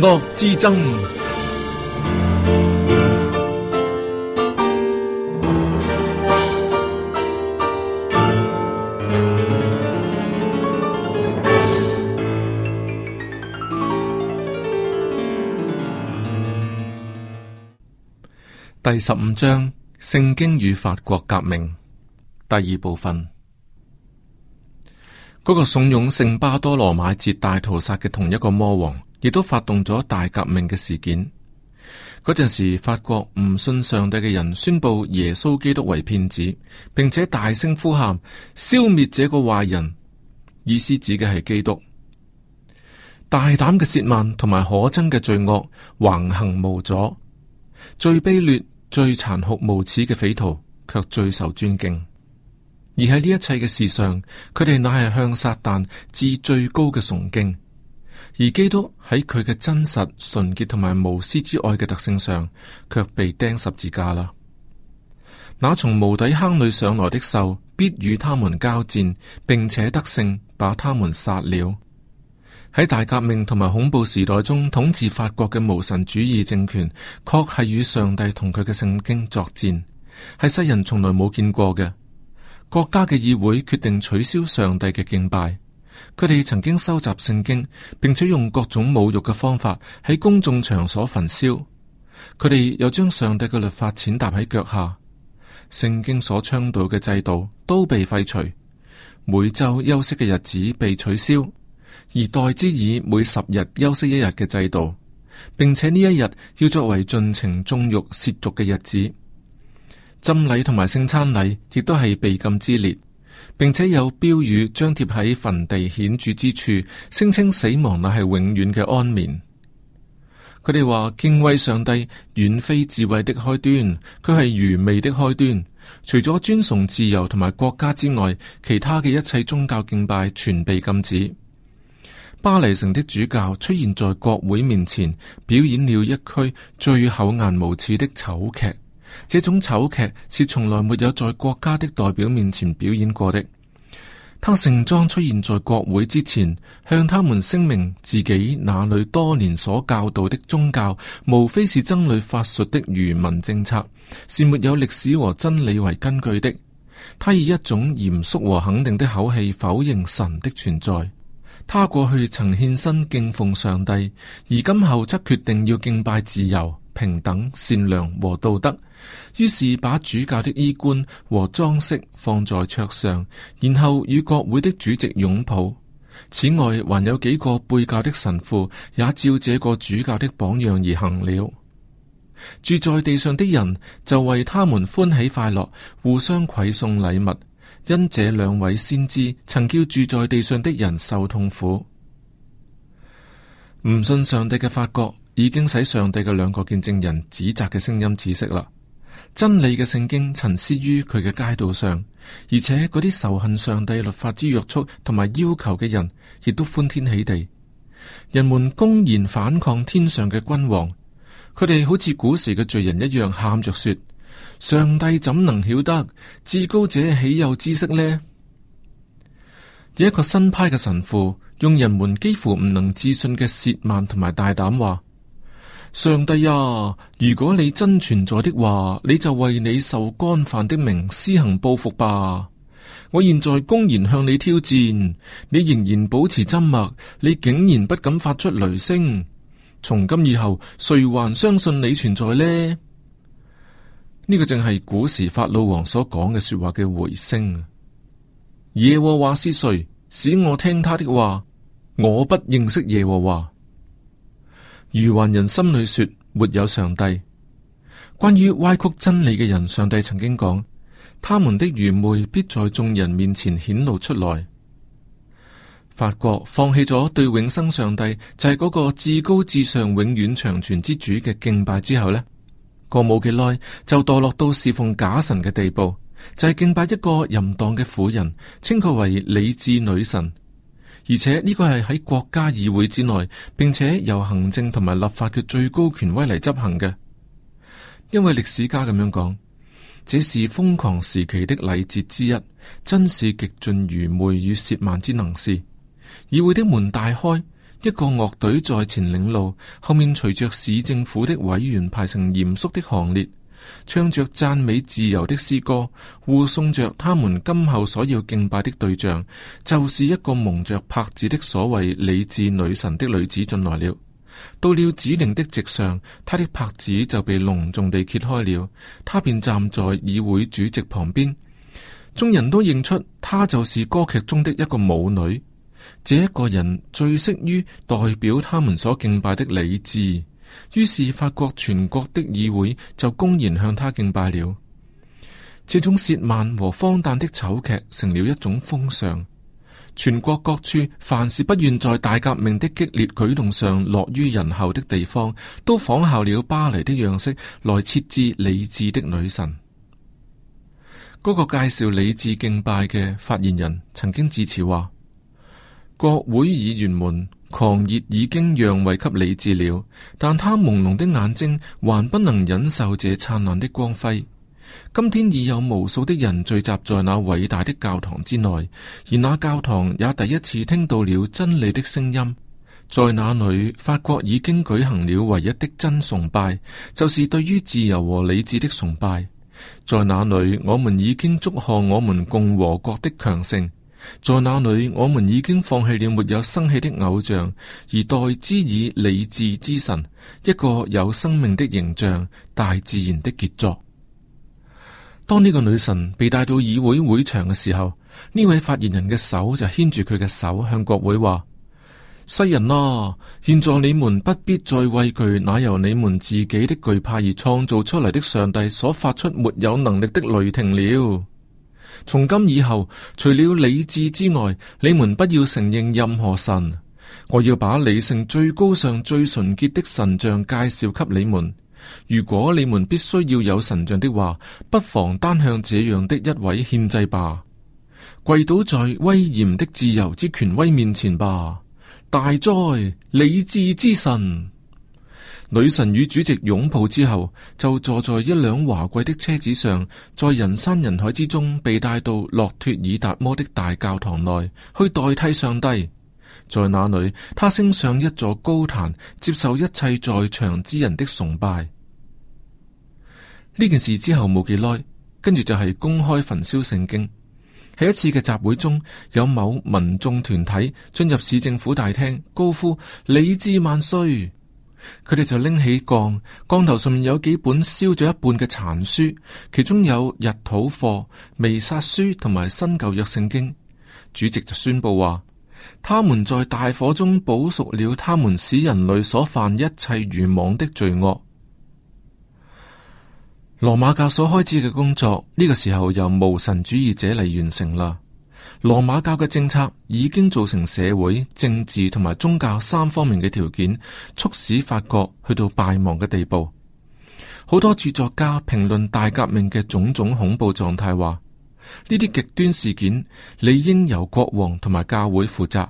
惡之爭。第十五章《聖經與法國革命》第二部分。嗰、那個慫恿聖巴多羅買節大屠殺嘅同一個魔王。亦都發動咗大革命嘅事件。嗰陣時，法國唔信上帝嘅人宣布耶穌基督為騙子，並且大聲呼喊消滅這個壞人，意思指嘅係基督。大膽嘅褻慢同埋可憎嘅罪惡橫行無阻，最卑劣、最殘酷、無恥嘅匪徒，卻最受尊敬。而喺呢一切嘅事上，佢哋乃係向撒旦致最高嘅崇敬。而基督喺佢嘅真實、純潔同埋無私之愛嘅特性上，卻被釘十字架啦。那從無底坑裏上來的獸，必與他們交戰，並且得勝，把他們殺了。喺大革命同埋恐怖時代中，統治法國嘅無神主義政權，確係與上帝同佢嘅聖經作戰，係世人從來冇見過嘅。國家嘅議會決定取消上帝嘅敬拜。佢哋曾經收集聖經，並且用各種侮辱嘅方法喺公眾場所焚燒。佢哋又將上帝嘅律法踐踏喺腳下，聖經所倡導嘅制度都被廢除。每周休息嘅日子被取消，而代之以每十日休息一日嘅制度，並且呢一日要作為盡情縱欲褻瀆嘅日子。浸禮同埋聖餐禮亦都係被禁之列。並且有標語張貼喺墳地顯著之處，聲稱死亡乃係永遠嘅安眠。佢哋話敬畏上帝，遠非智慧的開端，佢係愚昧的開端。除咗尊崇自由同埋國家之外，其他嘅一切宗教敬拜全被禁止。巴黎城的主教出現在國會面前，表演了一區最厚顏無恥的醜劇。這種醜劇是從來沒有在國家的代表面前表演過的。他盛裝出現在國會之前，向他們聲明自己那裏多年所教導的宗教，無非是僧侶法術的愚民政策，是沒有歷史和真理為根據的。他以一種嚴肅和肯定的口氣否認神的存在。他過去曾獻身敬奉上帝，而今後則決定要敬拜自由、平等、善良和道德，於是把主教的衣冠和裝飾放在桌上，然後與國會的主席擁抱。此外，還有幾個背教的神父也照這個主教的榜樣而行了。住在地上的人就為他們歡喜快樂，互相饋送禮物，因這兩位先知曾叫住在地上的人受痛苦。唔信上帝嘅法國。已經使上帝嘅兩個見證人指責嘅聲音止息啦。真理嘅聖經沉思於佢嘅街道上，而且嗰啲仇恨上帝律法之約束同埋要求嘅人，亦都歡天喜地。人們公然反抗天上嘅君王，佢哋好似古時嘅罪人一樣，喊着說：上帝怎能曉得至高者豈有知識呢？有一個新派嘅神父，用人們幾乎唔能置信嘅褻慢同埋大膽話。上帝呀、啊，如果你真存在的話，你就為你受干犯的名施行報復吧！我現在公然向你挑戰，你仍然保持沉默，你竟然不敢發出雷聲。從今以後，誰還相信你存在呢？呢、這個正係古時法老王所講嘅說的話嘅回聲。耶和華是誰？使我聽他的話？我不認識耶和華。愚頑人心裏說沒有上帝。關於歪曲真理嘅人，上帝曾經講，他們的愚昧必在眾人面前顯露出來。法國放棄咗對永生上帝就係嗰個至高至上、永遠長存之主嘅敬拜之後呢，過冇幾耐就墮落到侍奉假神嘅地步，就係、是、敬拜一個淫蕩嘅婦人，稱佢為理智女神。而且呢、這個係喺國家議會之內，並且由行政同埋立法嘅最高權威嚟執行嘅。因為歷史家咁樣講，這是瘋狂時期的禮節之一，真是極盡愚昧與褻慢之能事。議會的門大開，一個樂隊在前領路，後面隨着市政府的委員排成嚴肅的行列，唱着讚美自由的詩歌，護送着他們今後所要敬拜的對象，就是一個蒙着拍子的所謂理智女神的女子進來了。到了指令的席上，她的拍子就被隆重地揭開了，她便站在議會主席旁邊。眾人都認出她就是歌劇中的一個舞女，這一個人最適於代表他們所敬拜的理智。於是法國全國的議會就公然向他敬拜了。這種褻慢和荒誕的醜劇成了一種風尚。全國各處凡是不願在大革命的激烈舉動上落於人後的地方，都仿效了巴黎的樣式來設置理智的女神。嗰、那個介紹理智敬拜嘅發言人曾經致辭話：國會議員們。狂熱已經讓位給理智了，但他朦朧的眼睛還不能忍受這燦爛的光輝。今天已有無數的人聚集在那偉大的教堂之內，而那教堂也第一次聽到了真理的聲音。在那裡，法國已經舉行了唯一的真崇拜，就是對於自由和理智的崇拜。在那裡，我們已經祝賀我們共和國的強盛。在那裏，我們已經放棄了沒有生氣的偶像，而代之以理智之神，一個有生命的形象，大自然的傑作。當呢個女神被帶到議會會場嘅時候，呢位發言人嘅手就牽住佢嘅手，向國會話：世人啊，現在你們不必再畏懼，乃由你們自己的懼怕而創造出嚟的上帝所發出沒有能力的雷霆了。從今以後，除了理智之外，你們不要承認任何神。我要把理性最高尚、最純潔的神像介紹給你們。如果你們必須要有神像的話，不妨單向這樣的一位獻祭吧，跪倒在威嚴的自由之權威面前吧，大哉，理智之神。女神與主席擁抱之後，就坐在一輛華貴的車子上，在人山人海之中被帶到洛脫爾達摩的大教堂內，去代替上帝。在那裏，她升上一座高壇，接受一切在場之人的崇拜。呢件事之後冇幾耐，跟住就係公開焚燒聖經。喺一次嘅集會中，有某民眾團體進入市政府大廳，高呼“理智萬歲”。佢哋就拎起槓，槓頭上面有幾本燒咗一半嘅殘書，其中有《日土課》《彌撒書》同埋《新舊約聖經》。主席就宣布話：他們在大火中補贖了他們使人類所犯一切愚妄的罪惡。羅馬教所開始嘅工作呢個時候由無神主義者嚟完成啦。羅馬教嘅政策已經造成社會、政治同埋宗教三方面嘅條件，促使法國去到敗亡嘅地步。好多著作家評論大革命嘅種種恐怖狀態，話呢啲極端事件理應由國王同埋教會負責。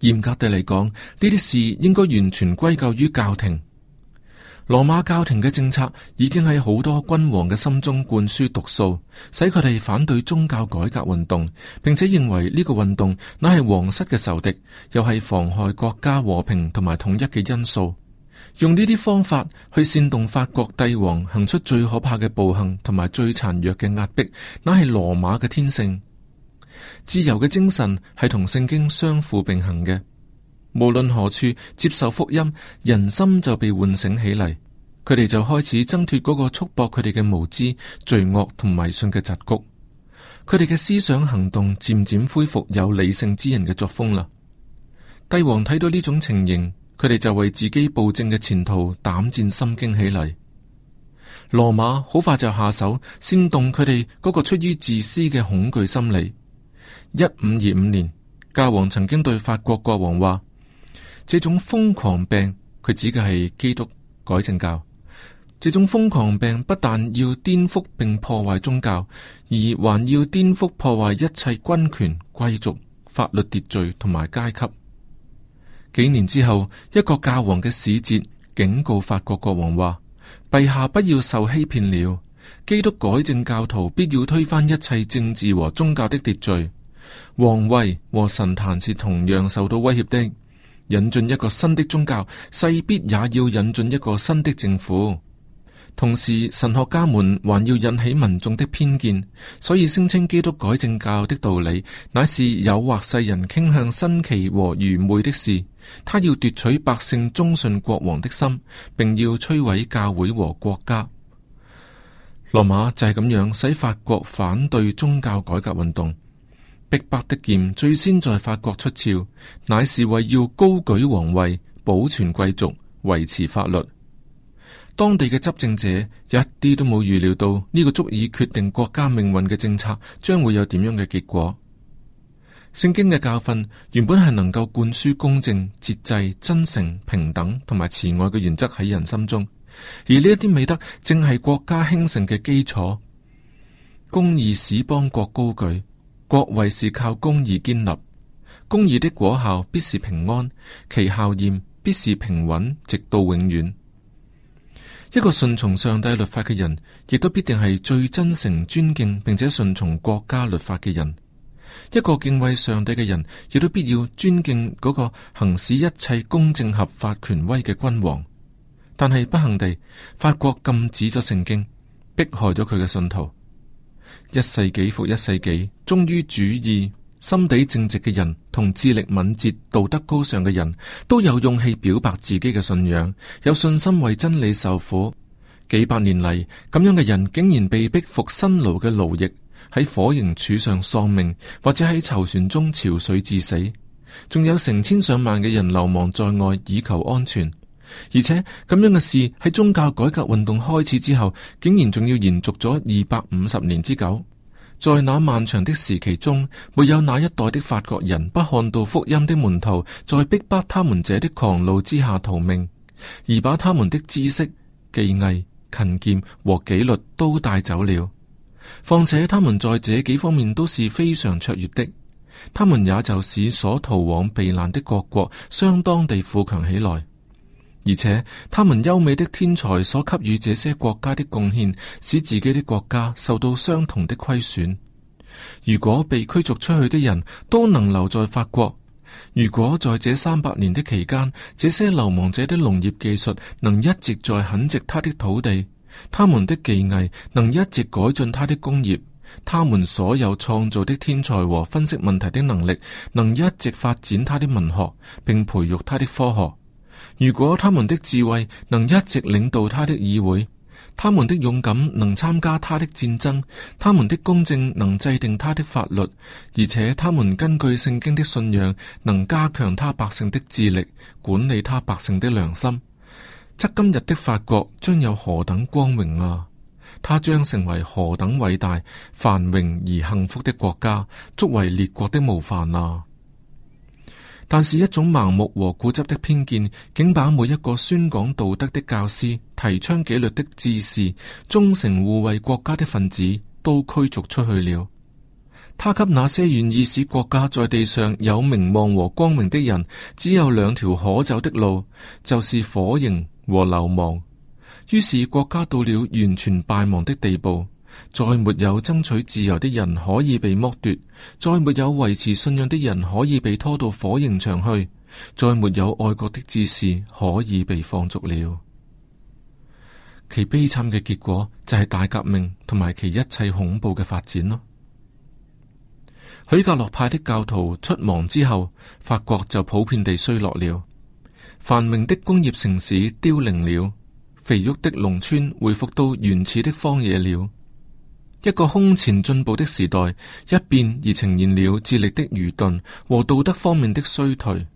嚴格地嚟講，呢啲事應該完全歸咎於教廷。羅馬教廷嘅政策已經喺好多君王嘅心中灌輸毒素，使佢哋反對宗教改革運動，並且認為呢個運動乃係皇室嘅仇敵，又係妨害國家和平同埋統一嘅因素。用呢啲方法去煽動法國帝王行出最可怕嘅暴行同埋最殘弱嘅壓迫，乃係羅馬嘅天性。自由嘅精神係同聖經相輔並行嘅。無論何處接受福音，人心就被喚醒起嚟，佢哋就開始掙脫嗰個束縛佢哋嘅無知、罪惡同迷信嘅桎梏。佢哋嘅思想行動漸漸恢復有理性之人嘅作風啦。帝王睇到呢種情形，佢哋就為自己暴政嘅前途膽戰心驚起嚟。羅馬好快就下手，煽動佢哋嗰個出於自私嘅恐懼心理。一五二五年，教皇曾經對法國國王話。這種瘋狂病，佢指嘅係基督改正教。這種瘋狂病不但要顛覆並破壞宗教，而還要顛覆破壞一切軍權、貴族、法律秩序同埋階級。幾年之後，一個教皇嘅使節警告法國國王話：陛下，不要受欺騙了。基督改正教徒必要推翻一切政治和宗教的秩序，王位和神壇是同樣受到威脅的。引進一個新的宗教，勢必也要引進一個新的政府。同時，神學家們還要引起民眾的偏見，所以聲稱基督改正教的道理，乃是誘惑世人傾向新奇和愚昧的事。他要奪取百姓忠信國王的心，並要摧毀教會和國家。羅馬就係咁樣使法國反對宗教改革運動。逼迫的劍最先在法國出鞘，乃是為要高舉皇位、保存貴族、維持法律。當地嘅執政者一啲都冇預料到呢個足以決定國家命運嘅政策將會有點樣嘅結果。聖經嘅教訓原本係能夠灌輸公正、節制、真誠、平等同埋慈愛嘅原則喺人心中，而呢一啲美德正係國家興盛嘅基礎。公義使邦國高舉。國位是靠公義建立，公義的果效必是平安，其效驗必是平穩，直到永遠。一個順從上帝律法嘅人，亦都必定係最真誠、尊敬並且順從國家律法嘅人。一個敬畏上帝嘅人，亦都必要尊敬嗰個行使一切公正合法權威嘅君王。但係不幸地，法國禁止咗聖經，迫害咗佢嘅信徒。一世紀復一世紀，忠於主義、心底正直嘅人，同智力敏捷、道德高尚嘅人都有勇氣表白自己嘅信仰，有信心為真理受苦。幾百年嚟，咁樣嘅人竟然被逼服辛勞嘅奴役，喺火刑柱上喪命，或者喺囚船中憔悴至死，仲有成千上萬嘅人流亡在外以求安全。而且咁樣嘅事喺宗教改革運動開始之後，竟然仲要延續咗二百五十年之久。在那漫長的時期中，沒有那一代的法國人不看到福音的門徒在逼迫他們者的狂怒之下逃命，而把他們的知識、技藝、勤儉和紀律都帶走了。況且他們在這幾方面都是非常卓越的，他們也就使所逃往避難的各國相當地富強起來。而且，他們優美的天才所給予這些國家的貢獻，使自己的國家受到相同的虧損。如果被驅逐出去的人都能留在法國，如果在這三百年的期間，這些流亡者的農業技術能一直在墾殖他的土地，他們的技藝能一直改進他的工業，他們所有創造的天才和分析問題的能力能一直發展他的文學，並培育他的科學。如果他們的智慧能一直領導他的議會，他們的勇敢能參加他的戰爭，他們的公正能制定他的法律，而且他們根據聖經的信仰能加強他百姓的智力，管理他百姓的良心，則今日的法國將有何等光榮啊？他將成為何等偉大、繁榮而幸福的國家，足為列國的模範啊！但是一種盲目和固執的偏見，竟把每一個宣講道德的教師、提倡紀律的志士、忠誠護衛國家的分子都驅逐出去了。他給那些願意使國家在地上有名望和光明的人，只有兩條可走的路，就是火刑和流亡。於是國家到了完全敗亡的地步。再沒有爭取自由的人可以被剝奪，再沒有維持信仰的人可以被拖到火刑場去，再沒有愛國的志士可以被放逐了。其悲慘嘅結果就係大革命同埋其一切恐怖嘅發展咯。許格諾派的教徒出亡之後，法國就普遍地衰落了，繁榮的工業城市凋零了，肥沃的農村恢復到原始的荒野了。一個空前進步的時代，一變而呈現了智力的愚鈍和道德方面的衰退。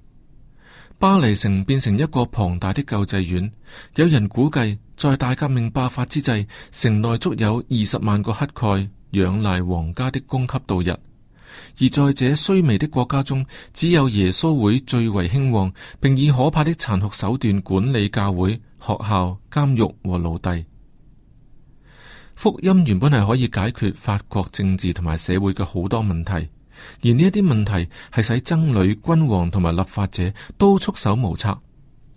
巴黎城變成一個龐大的救濟院，有人估計，在大革命爆發之際，城內足有二十萬個乞丐仰賴皇家的供給度日。而在這衰微的國家中，只有耶穌會最為興旺，並以可怕的殘酷手段管理教會、學校、監獄和奴隸。福音原本係可以解決法國政治同埋社會嘅好多問題，而呢一啲問題係使僧侶、君王同埋立法者都束手無策，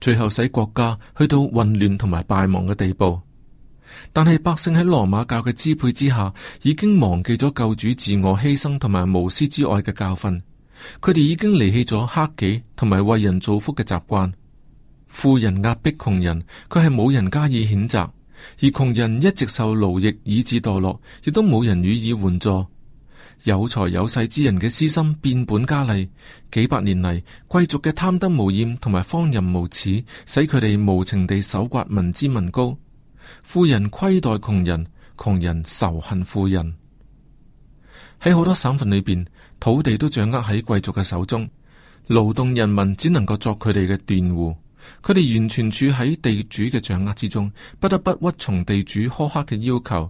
最後使國家去到混亂同埋敗亡嘅地步。但係百姓喺羅馬教嘅支配之下，已經忘記咗救主自我犧牲同埋無私之愛嘅教訓，佢哋已經離棄咗克己同埋為人造福嘅習慣，富人壓迫窮人，佢係冇人加以譴責。而窮人一直受奴役，以致墮落，亦都冇人予以援助。有財有勢之人嘅私心變本加厲，幾百年嚟，貴族嘅貪得無厭同埋荒淫無恥，使佢哋無情地搜刮民脂民膏。富人虧待窮人，窮人仇恨富人。喺好多省份裏邊，土地都掌握喺貴族嘅手中，勞動人民只能夠作佢哋嘅佃戶。佢哋完全處喺地主嘅掌握之中，不得不屈從地主苛刻嘅要求。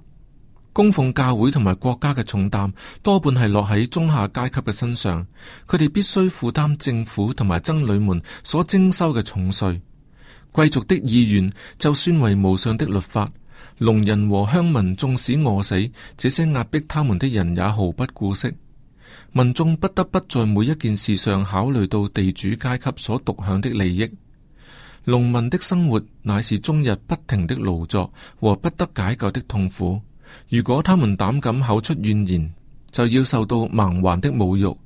供奉教會同埋國家嘅重擔，多半係落喺中下階級嘅身上。佢哋必須負擔政府同埋僧侶們所徵收嘅重稅。貴族的意願就算為無上的律法。農人和鄉民縱使餓死，這些壓迫他們的人也毫不顧惜。民眾不得不在每一件事上考慮到地主階級所獨享的利益。農民的生活乃是終日不停的勞作和不得解救的痛苦。如果他們膽敢口出怨言，就要受到蠻橫的侮辱。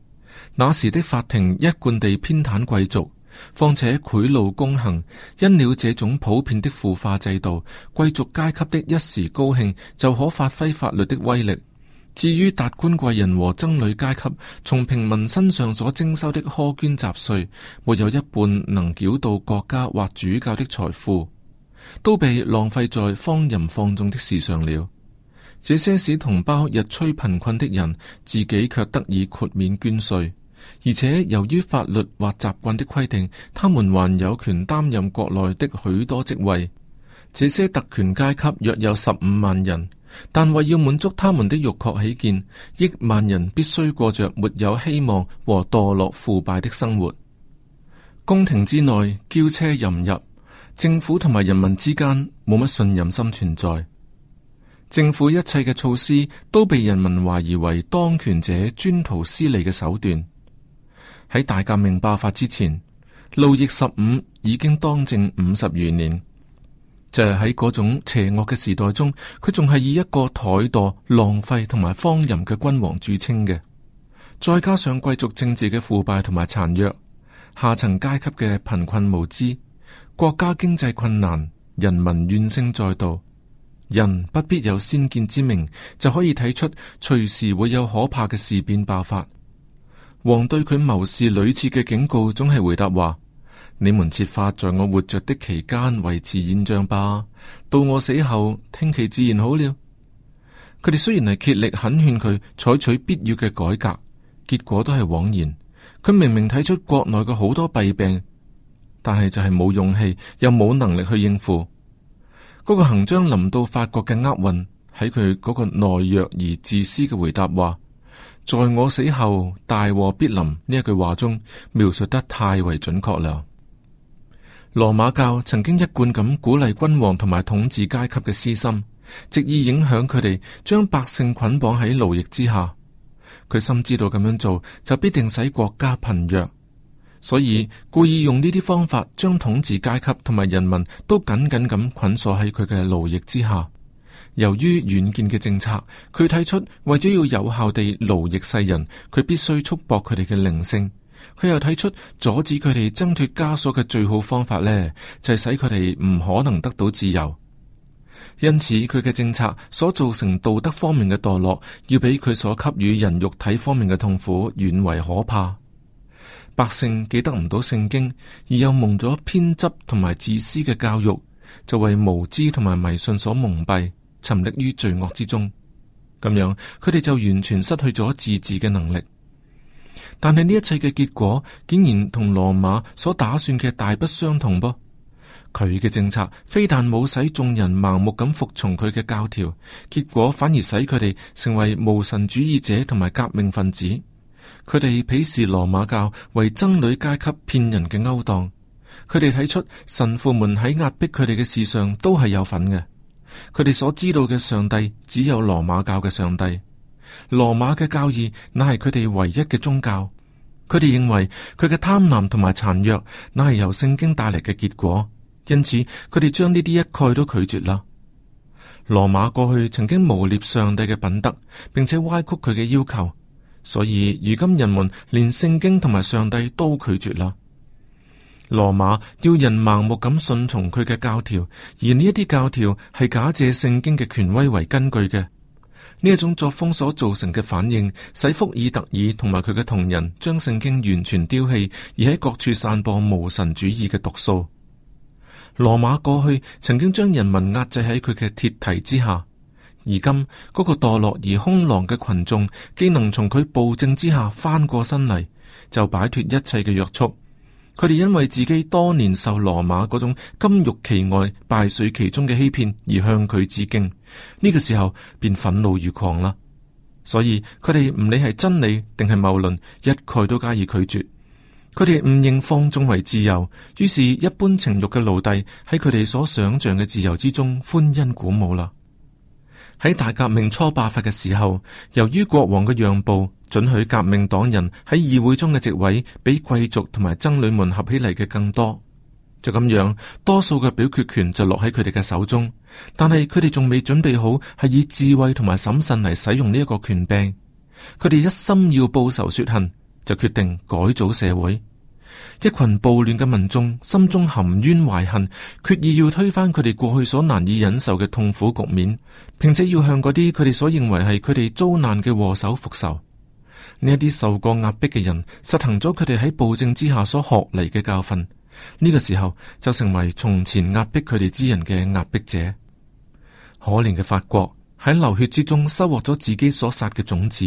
那時的法庭一貫地偏袒貴族，況且賄賂公行。因了這種普遍的腐化制度，貴族階級的一時高興就可發揮法律的威力。至於達官貴人和僧侶階級，從平民身上所徵收的苛捐雜稅，沒有一半能繳到國家或主教的財富，都被浪費在荒淫放縱的事上了。這些使同胞日趨貧困的人，自己卻得以豁免捐稅，而且由於法律或習慣的規定，他們還有權擔任國內的許多職位。這些特權階級約有十五萬人。但為要滿足他們的欲壑起見，億萬人必須過着沒有希望和墮落腐敗的生活。宮廷之內驕奢淫逸，政府同埋人民之間冇乜信任心存在。政府一切嘅措施都被人民懷疑為當權者專圖私利嘅手段。喺大革命爆發之前，路易十五已經當政五十餘年。就係喺嗰種邪惡嘅時代中，佢仲係以一個怠惰、浪費同埋荒淫嘅君王著稱嘅。再加上貴族政治嘅腐敗同埋殘弱，下層階級嘅貧困無知，國家經濟困難，人民怨聲載道，人不必有先見之明就可以睇出隨時會有可怕嘅事變爆發。王對佢謀士屢次嘅警告，總係回答話，你們設法在我活着的期間維持現象吧，到我死後聽其自然好了。佢哋雖然係竭力肯勸佢採取必要嘅改革，結果都係枉然。佢明明睇出國內嘅好多弊病，但係就係冇勇氣又冇能力去應付。嗰、那個行將臨到法國嘅厄運喺佢嗰個懦弱而自私嘅回答話：在我死後大禍必臨呢一句話中，描述得太為準確啦。羅馬教曾經一貫咁鼓勵君王同埋統治階級嘅私心，藉以影響佢哋將百姓捆綁喺奴役之下。佢深知道咁樣做就必定使國家貧弱，所以故意用呢啲方法將統治階級同埋人民都緊緊咁捆鎖喺佢嘅奴役之下。由於遠見嘅政策，佢提出為咗要有效地奴役世人，佢必須束縛佢哋嘅靈性。佢又睇出阻止佢哋掙脫枷鎖嘅最好方法咧，就係使佢哋唔可能得到自由。因此，佢嘅政策所造成道德方面嘅墮落，要比佢所給予人肉體方面嘅痛苦遠為可怕。百姓既得唔到聖經，而又蒙咗偏執同埋自私嘅教育，就為無知同埋迷信所蒙蔽，沉溺於罪惡之中。咁樣，佢哋就完全失去咗自治嘅能力。但係呢一切嘅結果，竟然同羅馬所打算嘅大不相同噃。佢嘅政策非但冇使眾人盲目咁服從佢嘅教條，結果反而使佢哋成為無神主義者同埋革命分子。佢哋鄙視羅馬教為僧侶階級騙人嘅勾當。佢哋睇出神父們喺壓迫佢哋嘅事上都係有份嘅。佢哋所知道嘅上，上帝，只有羅馬教嘅上帝。羅馬嘅教義乃係佢哋唯一嘅宗教，佢哋認為佢嘅貪婪同埋殘虐，乃係由聖經帶嚟嘅結果，因此佢哋將呢啲一概都拒絕啦。羅馬過去曾經誣衊上帝嘅品德，並且歪曲佢嘅要求，所以如今人們連聖經同埋上帝都拒絕啦。羅馬要人盲目咁順從佢嘅教條，而呢一啲教條係假借聖經嘅權威為根據嘅。呢一種作風所造成嘅反應，使福爾特爾同埋佢嘅同仁將聖經完全丟棄，而喺各處散播無神主義嘅毒素。羅馬過去曾經將人民壓制喺佢嘅鐵蹄之下，而今嗰個墮落而凶狼嘅群眾，既能從佢暴政之下翻過身嚟，就擺脫一切嘅約束。佢哋因為自己多年受羅馬嗰種金玉其外、敗絮其中嘅欺騙而向佢致敬，呢個時候便憤怒如狂啦。所以佢哋唔理係真理定係謬論，一概都加以拒絕。佢哋誤認放縱為自由，於是，一般情欲嘅奴隸喺佢哋所想象嘅自由之中歡欣鼓舞啦。喺大革命初爆發嘅時候，由於國王嘅讓步。准許革命黨人喺議會中嘅席位比貴族同埋僧侶們合起嚟嘅更多，就咁樣，多數嘅表決權就落喺佢哋嘅手中。但係佢哋仲未準備好係以智慧同埋審慎嚟使用呢一個權柄。佢哋一心要報仇雪恨，就決定改組社會。一群暴亂嘅民眾心中含冤懷恨，決意要推翻佢哋過去所難以忍受嘅痛苦局面，並且要向嗰啲佢哋所認為係佢哋遭難嘅禍首復仇。呢一啲受過壓迫嘅人，實行咗佢哋喺暴政之下所學嚟嘅教訓。呢個時候就成為從前壓迫佢哋之人嘅壓迫者。可憐嘅法國喺流血之中收穫咗自己所殺嘅種子。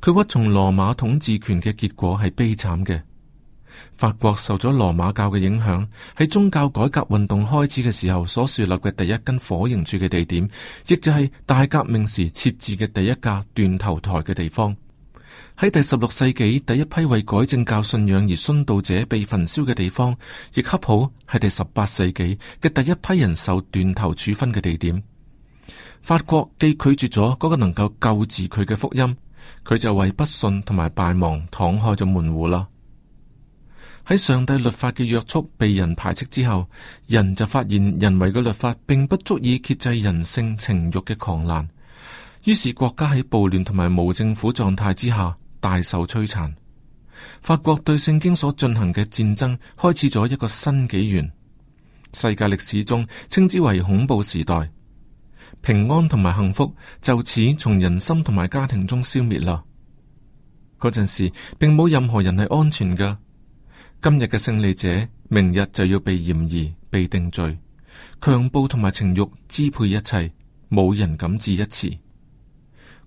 佢屈從羅馬統治權嘅結果係悲慘嘅。法國受咗羅馬教嘅影響，喺宗教改革運動開始嘅時候所樹立嘅第一根火刑柱嘅地點，亦就係大革命時設置嘅第一架斷頭台嘅地方。喺第十六世紀第一批為改正教信仰而殉道者被焚燒嘅地方，亦恰好係第十八世紀嘅第一批人受斷頭處分嘅地點。法國既拒絕咗嗰個能夠救治佢嘅福音，佢就為不信同埋敗亡敞開咗門戶啦。喺上帝律法嘅約束被人排斥之後，人就發現人為嘅律法並不足以遏制人性情欲嘅狂瀾，於是國家喺暴亂同埋無政府狀態之下。大受摧殘，法國對聖經所進行嘅戰爭開始咗一個新紀元。世界歷史中稱之為恐怖時代，平安同埋幸福就此從人心同埋家庭中消滅啦。嗰陣時並冇任何人係安全噶。今日嘅勝利者，明日就要被嫌疑、被定罪。強暴同埋情欲支配一切，冇人敢置一詞。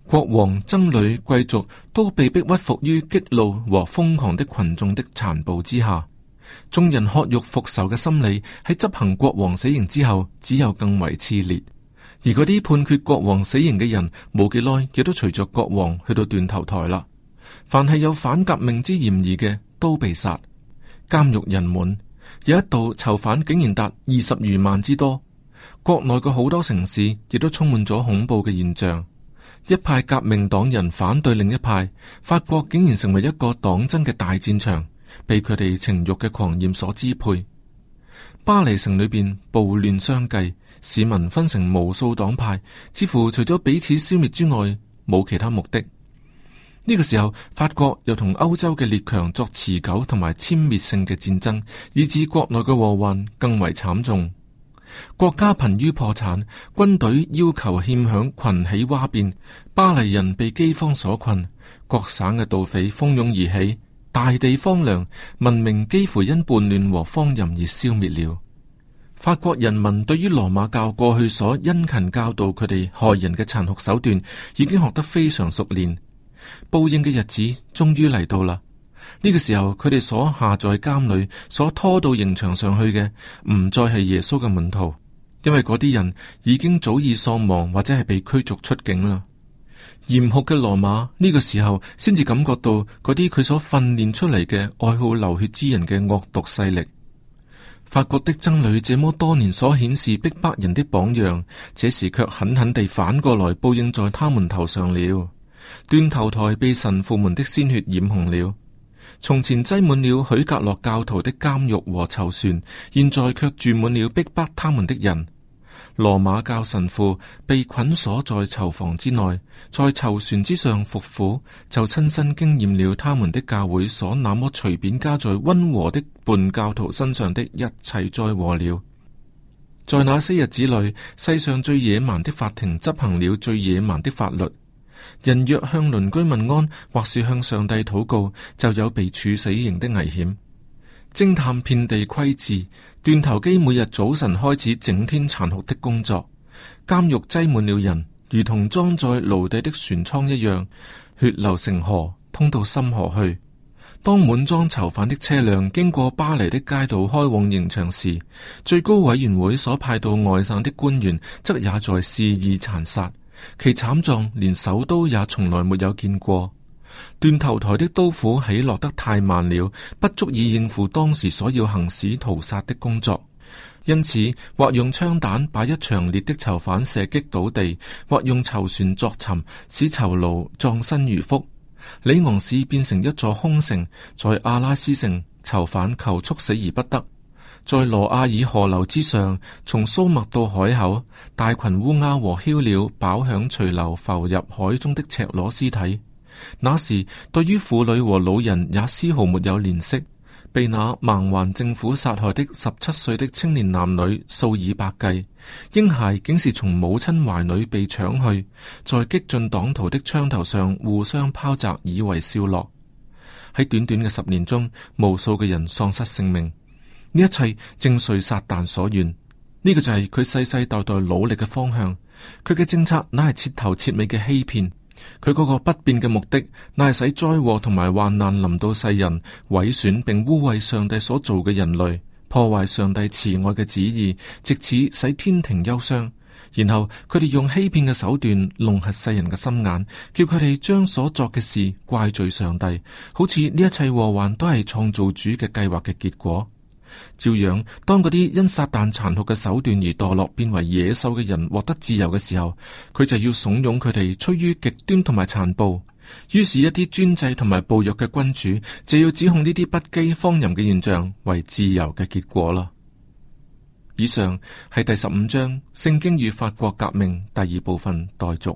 國王、僧侶、貴族都被迫屈服於激怒和瘋狂的群眾的殘暴之下。眾人渴欲復仇嘅心理喺執行國王死刑之後，只有更為熾烈。而嗰啲判決國王死刑嘅人，冇幾耐亦都隨着國王去到斷頭台啦。凡係有反革命之嫌疑嘅，都被殺。監獄人滿，有一度囚犯竟然達二十餘萬之多。國內嘅好多城市亦都充滿咗恐怖嘅現象。一派革命黨人反對另一派，法國竟然成為一個黨爭嘅大戰場，被佢哋情欲嘅狂焰所支配。巴黎城裏邊暴亂相繼，市民分成無數黨派，似乎除咗彼此消滅之外，冇其他目的。呢、這個時候，法國又同歐洲嘅列強作持久同埋殲滅性嘅戰爭，以致國內嘅禍患更為慘重。國家瀕於破產，軍隊要求欠餉，群起嘩變，巴黎人被饑荒所困，各省嘅盜匪蜂擁而起，大地荒涼，文明幾乎因叛亂和荒淫而消滅了。法國人民對於羅馬教過去所殷勤教導佢哋害人嘅殘酷手段，已經學得非常熟練，報應嘅日子終於嚟到啦。呢個時候，佢哋所下在監裏，所拖到刑場上去嘅，唔再係耶穌嘅門徒，因為嗰啲人已經早已喪亡或者係被驅逐出境啦。嚴酷嘅羅馬呢個時候先至感覺到嗰啲佢所訓練出嚟嘅愛好流血之人嘅惡毒勢力。法國的僧侶這麼多年所顯示逼迫人的榜樣，這時卻狠狠地反過來報應在他們頭上了。斷頭臺被神父們的鮮血染紅了。從前擠滿了許格諾教徒的監獄和囚船，現在却住滿了逼迫，迫他們的人。羅馬教神父被捆鎖在囚房之內，在囚船之上服苦，就親身經驗了他們的教會所那麼隨便加在温和的半教徒身上的一切災禍了。在那些日子裏，世上最野蠻的法庭執行了最野蠻的法律。人若向鄰居問安，或是向上帝禱告，就有被處死刑的危險。偵探遍地窺伺，斷頭機每日早晨開始整天殘酷的工作。監獄擠滿了人，如同裝載奴隸的船艙一樣，血流成河，通到深河去。當滿裝囚犯的車輛經過巴黎的街道開往刑場時，最高委員會所派到外省的官員則也在肆意殘殺。其慘狀連首都也從來沒有見過，斷頭台的刀斧起落得太慢了，不足以應付當時所要行使屠殺的工作，因此或用槍彈把一長列的囚犯射擊倒地，或用囚船作沉，使囚奴葬身魚腹。里昂市變成一座空城，在阿拉斯城，囚犯求速死而不得。在羅亞爾河流之上，從蘇麥到海口，大群烏鴉和梟鳥飽享隨流浮入海中的赤裸屍體。那時，對於婦女和老人也絲毫沒有憐惜。被那盲環政府殺害的十七歲的青年男女數以百計。嬰孩竟是從母親懷裏被搶去，在激進黨徒的槍頭上互相拋擲，以為笑樂。喺短短嘅十年中，無數嘅人喪失性命。呢一切正遂撒旦所願，呢、呢個就係佢世世代代努力嘅方向。佢嘅政策乃係徹頭徹尾嘅欺騙，佢嗰個不變嘅目的，乃係使災禍同埋患難臨到世人，毀損並污穢上帝所做嘅人類，破壞上帝慈愛嘅旨意，藉此使天庭憂傷。然後佢哋用欺騙嘅手段籠合世人嘅心眼，叫佢哋將所作嘅事怪罪上帝，好似呢一切禍患都係創造主嘅計劃嘅結果。照樣，當嗰啲因撒旦殘酷嘅手段而墮落，變為野獸嘅人獲得自由嘅時候，佢就要慫恿佢哋出於極端同埋殘暴。於是，一啲專制同埋暴虐嘅君主就要指控呢啲不羈、荒淫嘅現象為自由嘅結果啦。以上係第十五章《聖經與法國革命》第二部分待續。